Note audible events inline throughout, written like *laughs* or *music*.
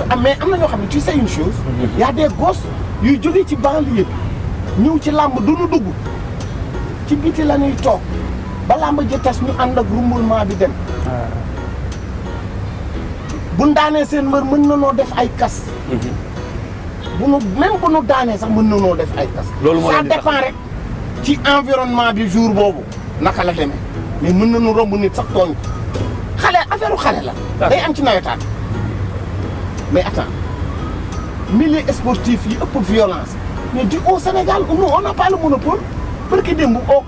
fa am mais am na ñoo xam ne tu sais une chose. y a des gosses yuy jógee ci banlieue bi ñëw ci làmb du ñu dugg ci biti la ñuy toog ba làmb ji tas ñu ànd ak remoulement bi dem. bun daanee seen mbër mën na noo def ay kas. bu nu même bu nu daanee sax mën na noo def ay kas. loolu moo rek ci environnement bi jour boobu naka la dem mais mën na nu romb nit sax tooñ xale affaire xale la. day am ci nawetaan. mais attends milieu sportif yi ëpp violence mais du au Sénégal nous on n'a pas le monopole parce que démb au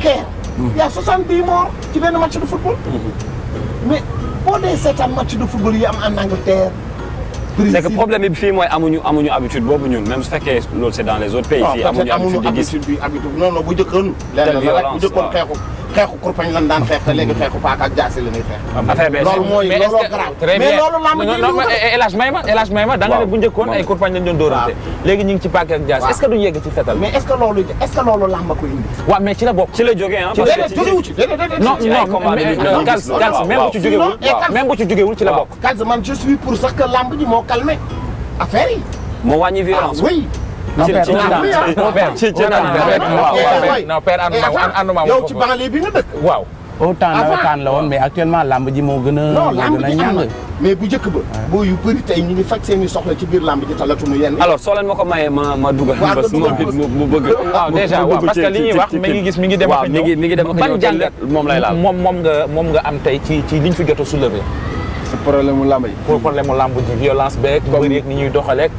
Caire. Mmh. y a 70 morts ci benn match de football. Mmh. mais boo dee seetaan match de football yi am en Angleterre. Brésil c'est problème bi fii mooy amuñu amuñu habitude boobu ñun même su fekkee dans les autres pays. fii amuñu habitude di gis non non bu njëkkoon. lenn la rek xeexu kurpañ lan daan xeex te léegi xeexu paaka ak jaasi la ñuy xeex. affaire bi loolu mooy looloo garaaw mais loolu lamb ji non El Hadj may ma El Hadj may ma da nga ne bu njëkkoon ay kurpañ lañ doon dóorante léegi ñu ngi ci paaka ak jaasi est-ce que duñu yegg ci fetal mais est-ce que loolu est-ce que loolu lamb ko indi waaw mais ci la bokk ci la jógee ah non non Kalz Kalz même bu ci jógewul même bu ci jógewul ci la bokk Kalz man je suis pour sax que lamb ji moo calmé affaire yi moo wàññi violence ah oui non père ci ci non père ànd ma yow ci banlieue bi nga dëkk waaw au la woon mais actuellement lamb ji moo gën a moo mais bu jëkk ba boo yu bëri ñu ngi faj seen i soxla ci biir lamb ji talatuñu yenn alors soo leen ma ko mayee ma ma dugal bés mu bëgg ah, ah, déjà waaw parce que li ñuy wax mi ngi gis mi ngi dem ak ñëw mi ngi dem ak ñëw ban moom lay laal moom nga am tey ci ci liñ fi jot a soulever problème mu lamb ji problème lamb ji violence beeg bëri ni ñuy doxaleeg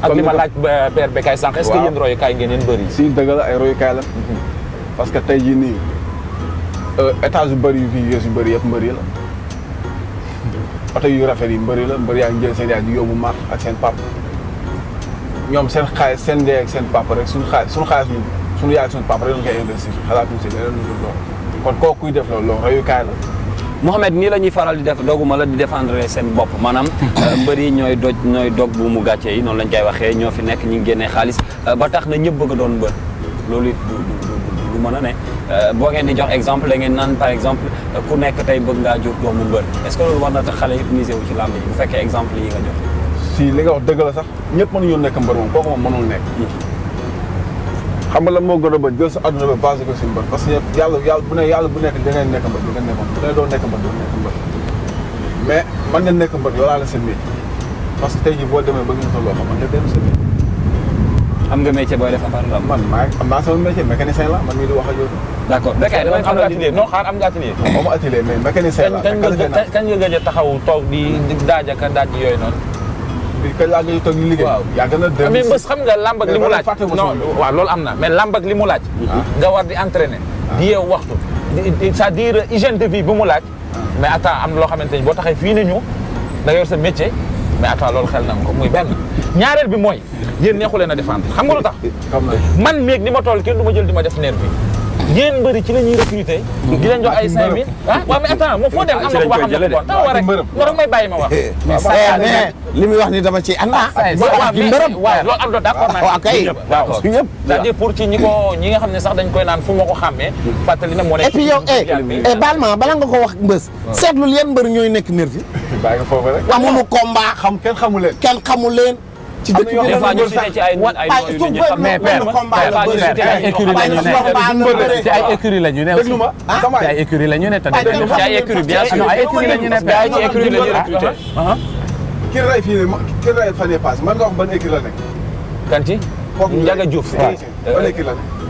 ak li ma laaj euh, père Bekay sànq est-ce que yéen royukaay ngeen yéen bëri si dëgg la ay royukaay la mhm. parce que tey jii nii euh, étage yu bëri yu fii yées yu bëri yëpp mbëri la oto yu rafet yi mbëri la mbëri yaa ngi jël seen yaay di yóbbu mar ak seen pap ñoom seen xaalis seen ndey ak seen papa rek suñu xaalis suñu xaalis ñu suñu yaay suñu papa rek dañ koy investir xalaatuñ si leneen lu dul loolu kon kooku kuy def loolu loolu royukaay la Mouhamed nii la ñuy faral di def doguma la di défendre seen bopp maanaam *laughs* euh, mbër yi ñooy doj ñooy dog bu mu gàccee yi noonu lañ koy waxee ñoo fi nekk ñu ngi génnee xaalis euh, ba tax na ñëpp bëgg a doon mbër loolu it lu mën a ne euh, boo ngeen di jox exemple da ngeen naan par exemple ku nekk tey bëgg ngaa jur doomu mbër est-ce que loolu war na tax xale yëpp misé wu ci làmb yi bu fekkee exemple yi nga jox si li nga wax dëgg la sax ñëpp mënuñu nekk mbër moom kooku moom mënul nekk xam nga lan moo gën a bañ jël sa àdduna ba basé ko si mbër parce que yàlla yàlla bu ne yàlla bu nekk dangay nekk mbër dangay nekk mbër bu ne doo nekk mbër doo nekk mbër mais man nga nekk mbër yoolaa la sa métier parce que tey jii boo demee ba ngeen tolloo ma man nga dem sa métier am nga métier booy def à part lamb man maa am naa sama métier mécanicien la man mii di wax ak yow. d'accord béykat yi am nga atelier non xaar am nga atelier. moom atelier mais mécanicien la. kañ nga gëj a taxaw toog di daajaka daaj yooyu noonu. bi kañ laa mais xam nga làmb ak li mu laaj. non waaw loolu am na mais làmb ak li mu laaj. Ah. nga war di entraîner. di yeewu waxtu c'est-à-dire hygiène de vie bi mu laaj. mais attends am loo xamante ni boo taxee fii nañu da nga yor sa métier mais attends loolu xel na nga ko muy benn ñaareel bi mooy yéen neexu leen a défendre xam nga lu tax. man meeg ni ma toll kenn du ma jël di ma def nerf bi yéen mbëri ci la ñuy recruter. Mm-hmm. di leen jox ay 5000. ah waaw mais attends moom foo dem am na ku ma xam ne ko taxawal may ma wax. Eh, mais dama ci ànd. ah saa yi mbërëm waaw loolu am na d'accord ah, naa ci ñëpp waaw ñëpp. cest à ci ñi ko ñi nga xam ne sax dañ koy naan fu ma ko xàmmee. fàttali na moo nekk et puis yow eh, eh, baal ma bala nga ko wax mbës. seetlu yan mbër ñooy nekk nervi. *laughs* bàyyi nga foofu rek amuñu combat xam kenn xamu leen kenn xamu leen ci dëkk bi la ñu ci ay ay ñu mais père ci ay écurie la ñu ne aussi ah, ci ay écurie la ñu ne tamit ci ay écurie bien sûr ah, ay écurie la ñu ne père ci écurie la ñu recruté ah, ki ray fii ne ki ray fan yii pass man nga wax ban écurie la nekk kanti Ndiaga Diouf ban écurie la nekk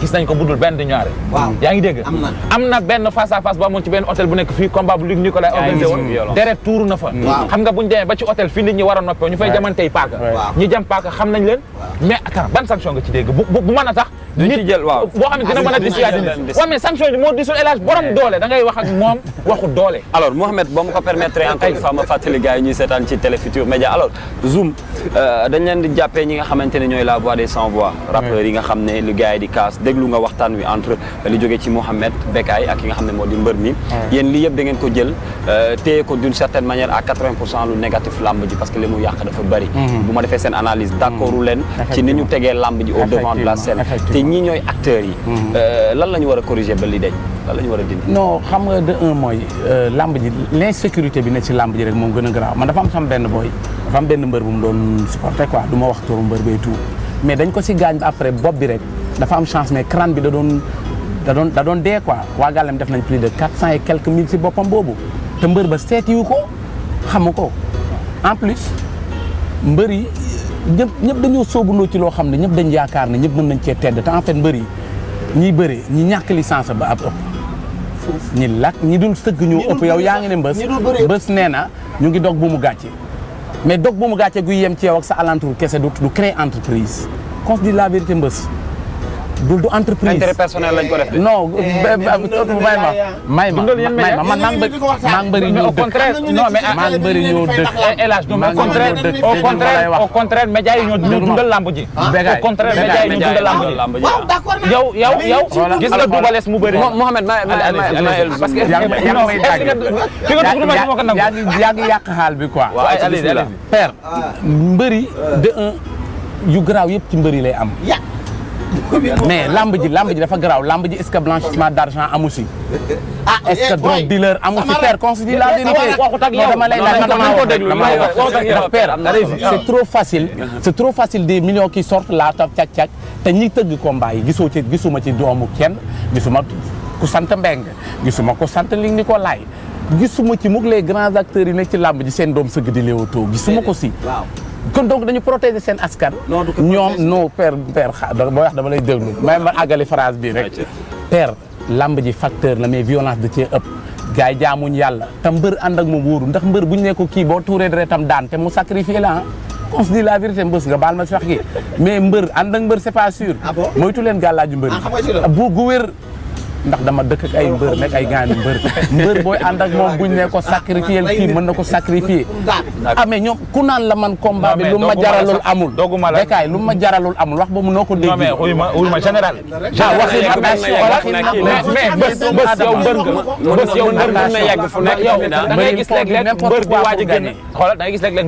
gis nañ ko budul benn ñaare yaa ngi dégg am na benn face à face bu amoon ci benn hôtel bu nekk fii combat bu Luc Nicolas organisé woon tuuru na fa xam nga buñ demee ba ci hôtel fii nit ñi war a noppee ñu fay jamantey paaka ñi jam paaka xam nañ leen mais attends ban sanction nga ci dégg bu mën a tax duñ ci sanction bi moo disul élage borom doole da wax moom waxu doole alors Mouhamed boo ma ko permettre encore une alors Zoom euh, dañ leen di nga xamante ne ñooy la voix des sans voix nga xam ne li gars di kaas déglu nga waxtaan wi entre li jógee ci Mouhamed Bekay ak nga xam ne moo di mbër mi yéen lii yëpp da ko jël euh, téye ko d'une certaine manière à lu négatif lamb ji parce que li mu yàq dafa bëri mhm. bu ma defee seen analyse d'accord mhm. leen ñii ñooy acteurs yi. Mhm. Euh, lan la ñu war a corriger li dañ lan la ñu war a dindi. non xam nga de un mooy euh, làmb ji sécurité bi ne ci lamb ji rek moom gën a garaaw man dafa am sam benn booy dafa am benn mbër bu mu doon supporter quoi du ma wax turu mbër bee tout mais dañ ko si gaañ ba après bopp bi rek dafa am chance mais crâne bi da doon da doon da doon dee quoi waa gàllam def nañ pris de quatre cent et quelques mille si boppam boobu te mbër ba seetiwu ko xamu ko en plus mbër yi ñëpp ñëpp dañoo soobandoo ci loo xam ne ñëpp dañ yaakaar ne ñëpp mën nañ cee tedd te en fait mbër yi bëri ñi ñàkk licence ba ab ëpp ñi lakk ñi dul sëgg ñoo ëpp yow yaa ngi ne mbës mbës nee na ñu ngi dog bu mu gàccee mais dog bu mu gàcce guy yem ci yow ak sa alentour kese du du créer entreprise qu'on se dit la vérité mbës du du entreprise intérêt personnel ko def de. non eh, may ma may ma may ma man maa ngi bëri maa ngi bëri ñëw dëkk. non mais maa ngi bëri ñëw dëkk. maa ngi bëri ñëw dëkk au contraire au contraire média yi ñoo dundal lamb ji. au contraire ñoo dundal lamb ji. yow yow yow gis mu bëri. Mouhamed ma parce que yaa ngi yaa ngi yaa ngi yàq xaal bi quoi. père ah. mbëri de un yu garaaw yëpp ci mbëri lay am. mais lamb ji lamb ji dafa garaaw lamb ji est-ce que blanchissement d'argent amu si. ah est-ce que drogue dealer amu si père considère la vérité dama lay laaj dama ko déglu ndax père c'est trop facile c'est trop facile des millions qui sortent la top cak ñi tëgg combat gisuma ci doomu kenn gisuma ku sant mbeng gisuma ku sant li ni ko laay gisuma ci mukk les grands acteurs yi nekk ci lamb ji seen doom sëgg di léewatoo gisuma ko si kon donc dañu protéger seen askan. ñoom non père père xa boo wax dama lay déglu. may ma àggali phrase bii rek. lamb ji facteur la mais violence da cee ëpp. gars jaamuñ yàlla te mbër ànd ak moom wóoru ndax mbër bu ñu ne ko kii boo tuuree dara tam daan te mu sacrifié la ah. on se dit la vérité mbës nga baal ma si wax gi mais mbër ànd ak mbër c'est pas sûr. Ah moytu leen gàllaaju mbër ah, bu gu ndax dama dëkk ak ay mbër nekk ay gaani mbër mbër booy ànd moom buñ ne ko sacrifier kii mën na ko sacrifier amee ah, ñoom ku naan la man combat bi lu ma jaralul amul Bécaye lu ma jaralul amul wax ba mu noo ko dégg ma général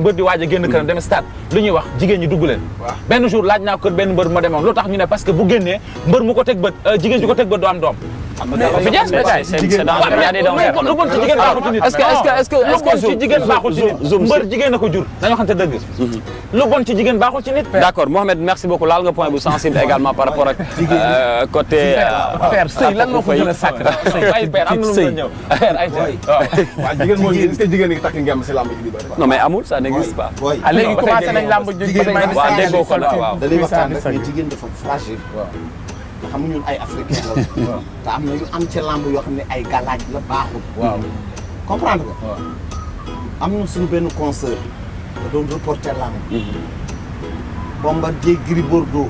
di waaj a génn këram dem stade lu ñuy wax jigéen ñi dugg leen benn jour laaj na ko kër benn mbër ma demoon lu tax ñu ne parce que bu génnee mbër mu ko teg bët euh, jigéen ñi ko teg bët du am doom fi jeex békay c'est dangereux yaa di daw lu bon ci jigéen baaxul ci nit est-ce que est-ce que lu bon ci jigéen baaxul ci nit mbër jigéen a ko jur dañoo xamante dëgg lu bon ci jigéen baaxul ci nit d'accord Mohamed merci beaucoup laal nga point bu sensible également par rapport ak euh, côté euh, père sëy lan moo ko gën a sàkk ay père am lu mu ñëw waaw jigéen moo est-ce que jigéen ngi takk ngem si lamb ji di bëri non mais amul ça n'existe pas ah léegi commencé nañ lamb ji waaw déggoo ko la waaw jigéen dafa fragile xam ñun ay africain la. *laughs* te am na yu yoo xam ne ay galaaj la baaxul. waaw comprendre nga. am na suñu benn concert. da doon reporter làmb. Mhm. Bombardier Gris Bordeaux.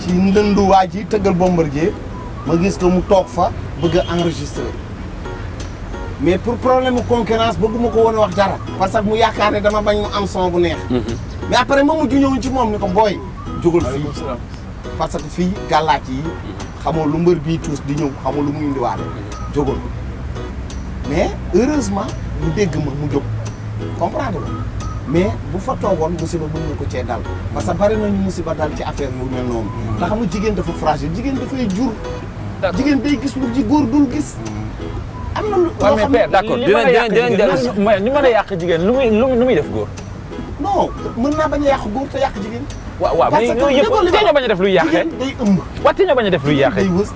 ci ndëndu waa ji tëggal Bombardier ma gis ko mu toog fa bëgg a enregistrer mais pour problème mu concurrence bëgguma ko woon wax dara. parce que mu yaakaar ne dama bañ mu am son bu neex. Mhm. mais après ma mujj ñëw ci moom ni ko booy. jógal fii parce que fii gàllaaj yi mhm. xamoo lu mbër bii tuus di ñëw xamoo lu mu indiwaale mhm. jógal mais heureusement mu dégg ma mu jóg comprendre nga mais bu fa toogoon musiba mën na ko cee dal parce que bari nañu musiba dal ci affaire bu mel noonu te mhm. xam nga jigéen dafa fragile jigéen dafay jur jigéen day gis lu ji góor dul gis am na lu loo xam ne d'accord dinañ dinañ ñu mën a yàq jigéen lu muy lu muy def góor non mën naa bañ a yàq góor te yàq jigéen waaw waaw mais yooyu yëpp tey ñoo bañ a def luy yàqee jigéen eh? day ëmb. waaw tey ñoo bañ a def luy yàqee eh? jigéen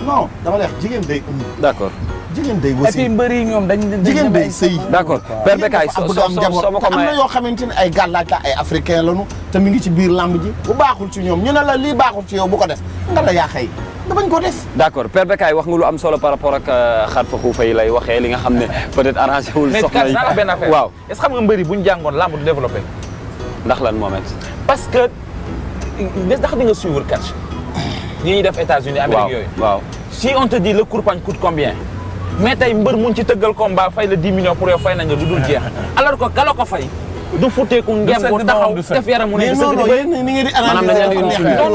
dama lay jigéen day ëmb. d' accord jigéen day wës. et ñoom dañuy dañuy jigéen day sëy. d' accord père Bécaye soo soo ko mayee am na yoo xamante ne ay gàllaaj la ay africain lañu te mi ngi ci biir làmb ji bu baaxul ci ñoom ñu ne la lii baaxul ci yow bu ko def nga la yàqee nga bañ ko def. d' accord père Bécaye wax nga lu am solo par rapport ak euh, xar fa xuufa yi lay waxee li nga xam ne *laughs* peut être arrangé wul soxna yi. mais kat benn affaire bu ñu jàngoon làmb du ndax lan moom parce ndax di nga suivre catch. yi ñuy def États-Unis Amérique yooyu. si on te dit le kurpañ combien. mais mbër mu ci tëggal combat fay la 10 millions pour yow fay na nga lu dul jeex. alors que kala ko fay. du futteeku ngem bu taxaw def yaramu ne. du sëgg di bëri ni nga di analyser